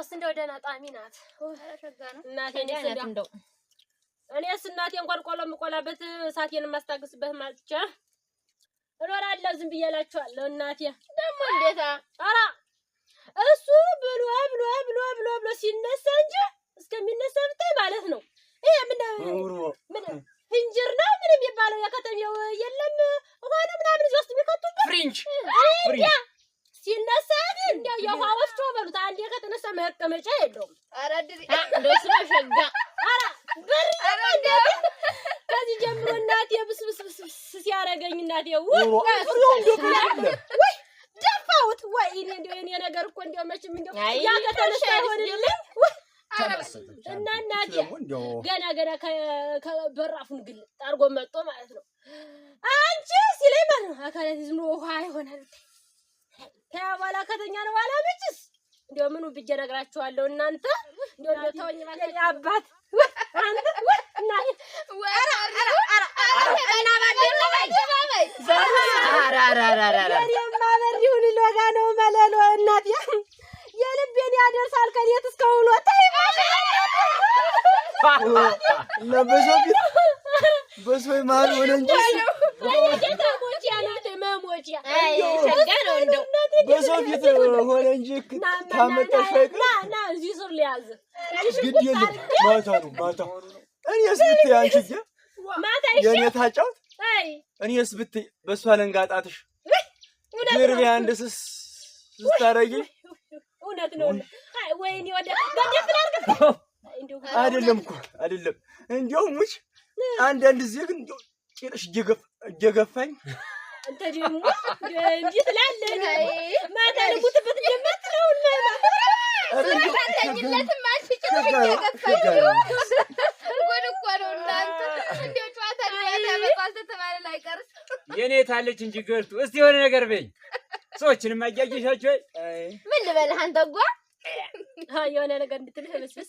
ቴዎድሮስ እንደው ደህና ጣሚ ናት እናቴ። እንደው እኔስ እናቴ እንኳን ቆሎ የምቆላበት እሳቴን የማስታግስበት ማልቻ እኖራለሁ። ዝም ብዬ እናቴ ደግሞ እንዴታ! ኧረ እሱ ብሎ ብሎ ብሎ ብሎ ብሎ ሲነሳ እንጂ እስከሚነሳ ብታይ ማለት ነው። ይሄ ምን ምን እንጅር ነው ምን የሚባለው የከተሜው የለም ሆነ ምናምን እዚህ ውስጥ የሚከቱበት ፍሪንጅ ሲነሳ ግን እንዲያው የውሃ መቀመጫ የለውም። ከዚህ ጀምሮ እናቴ ብስብስብስ ሲያደርገኝ እናቴ ደፋሁት ወይ እንደው ነገር እኮ እንደው መቼም እንደው ያ ከተነሳ ይሆንልኝ እና እናቴ ገና ገና በራፉን ግልጥ አድርጎ መጥቶ ማለት ነው አንቺ ሲለኝ ማለት ነው አካላት ዝም ውሃ ይሆናል ከያ በኋላ ከተኛ ነው በኋላ መችስ እንዲያው ምኑ ብዬ እነግራችኋለሁ። እናንተ አባት አንተ ይሁን ነው መለሎ እናት የልቤን ያደርሳል ወለንጂ ወለንጂ ታሞች ነው እንደ ፊት ሆነ እንጂ ታመጣሽ እኔስ ብትይ አንቺ እዚያ ማታ ግርቤ አንድ ስስ ስታረጊ አይደለም እኮ አይደለም። እንዲያውም ውጭ አንዳንድ ጊዜ ግን ጭራሽ እየገፋኝ አንተ ደግሞ እንዴት ትላለህ? ማታ ልሙትበት እንደማትለውና የኔ ታለች እንጂ ገብቶ እስቲ የሆነ ነገር በይ። ሰዎችንም አያየሻቸው ምን ልበልህ አንተ ጓ የሆነ ነገር እንድትልህ መስበስ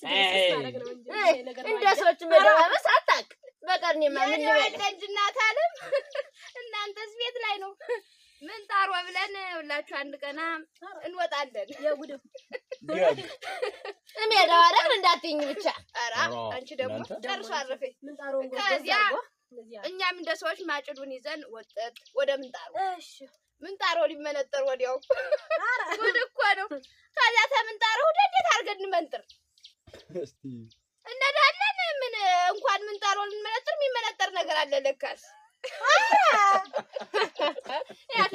እንደ ሰዎች መደባበስ አታውቅም። በቀር ምን ልበልህ እንጂ እናት አለም እናንተስ ቤት ላይ ነው ምን ጣሮ ብለን ሁላችሁ አንድ ቀና እንወጣለን። የጉድ እሜዳው አይደል እንዳትይኝ ብቻ። ኧረ አንቺ ደግሞ ጨርሶ አረፌ። ከዚያ እኛም እንደ ሰዎች ማጭዱን ይዘን ወጠት ወደ ምንጣሮ ምንጣሮ ሊመነጠር ወዲያው ጉድ እኮ ነው። ከዚያ ተምንጣሮ ወደዴት አድርገን እንመንጥር እንደዳለን ምን እንኳን ምንጣሮ ልንመነጥር የሚመነጠር ነገር አለ ለካስ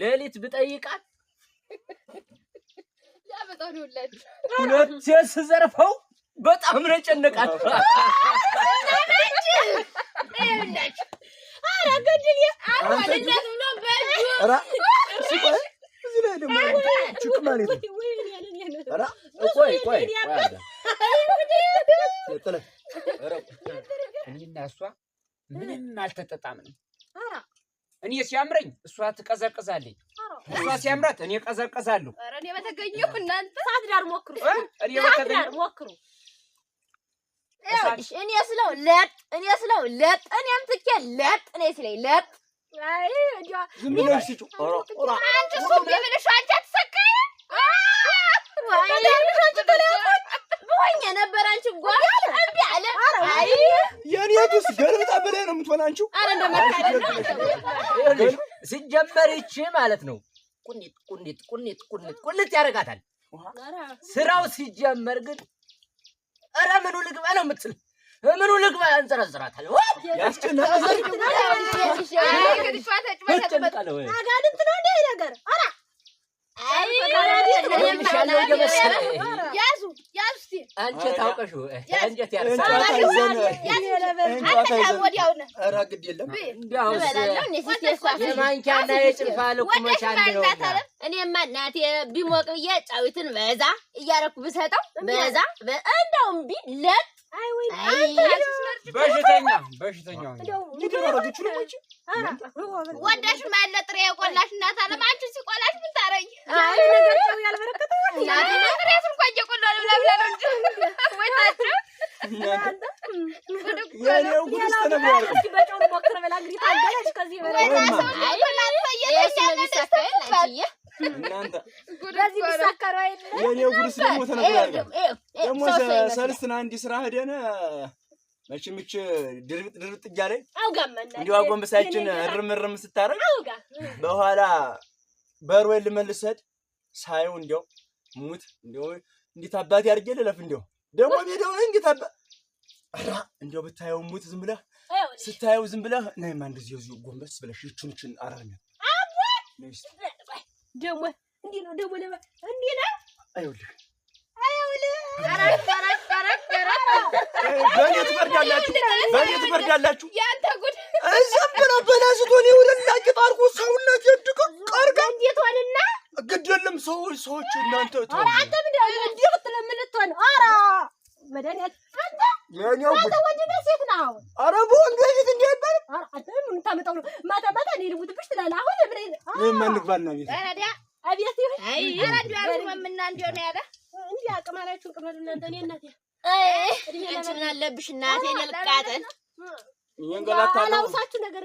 ሌሊት ብጠይቃት ሁለት ስዘርፈው በጣም ነው የጨነቃት። እኔና እሷ ምንም አልተጠጣምንም። እኔ ሲያምረኝ እሷ ትቀዘቅዛለኝ፣ እሷ ሲያምራት እኔ ቀዘቅዛለሁ። እኔ በተገኘሁ እናንተ ሳትዳር ሞክሩ፣ እኔ ሞክሩ። እኔ ስለው ለጥ እኔ ስለው ለጥ እኔም ትኬ ለጥ እኔ ስለኝ ለጥ ነበር አንቺ ጓል እምቢ አለ። የምትሆን አንቺ ሲጀመር ይቺ ማለት ነው ቁኒት ቁኒት ቁኒት ቁኒት ቁኒት ያደርጋታል። ስራው ሲጀመር ግን ኧረ ምኑ ልግባ ነው የምትል ምኑ ልግባ ያንዘረዝራታል። ነገር ያዙ አንቺ ታውቀሽው እኔማ እናቴ ቢሞቅ ብዬ ጫዊትን በዛ እያደረኩ ብሰጠው በዛ እንደውም ቢ ለጥ በሽተኛ በሽተኛ ጥሬ የቆላሽ እናት አለም አንቺ ሲቆላሽ ምን ታረጊ? ጥሬ ስንኳ እየቆላ ልብላ ነው እንጂ ሰልስትና እንዲህ ስራ ሄደን መችምች ድርብጥ ድርብጥ እያለ እንዲሁ አጎንበሳችን እርም እርም ስታረግ በኋላ በሮዬን ልመልስ ስሄድ ሳየው እንዲያው ሙት እንዲያው እንዴት አባቴ አድርጌ ልለፍ እንዲያው ደግሞ ሜዳው እንዴት አባ እንዲያው ብታየው ሙት ዝም ብለህ ስታየው ዝም ብለህ ነይማ፣ እንደዚህ እዚሁ ጎንበስ ብለሽ ይችን ይችን አራርኛት ደግሞ እንዲህ ነው ደግሞ እንዲህ ነው። አይውልህ በእኔ ትፈርዳላችሁ፣ በእኔ ትፈርዳላችሁ። ዝም ብለው በላስቶን የውልና ቂጣርጎ ሰውነት የድቅ ቀርጋ እንዴት ሆንና ግድ የለም ሰዎች እናንተ ያልተወደደ ሴት ነው። ኧረ በወንድ በፊት እንዲህ አይባልም። የምታመጣው ነው። ማታ ማታ እኔ ልሙትብሽ ትላለህ። አሁን ማንባና ቤት አቤት ምና እንዲሆነ ያለ እንዲህ አቅም አላችሁን? ቅመሉ እናንተ እኔ እናቴ እንትን አለብሽ እናቴ ልቃጠን አላውሳችሁ ነገር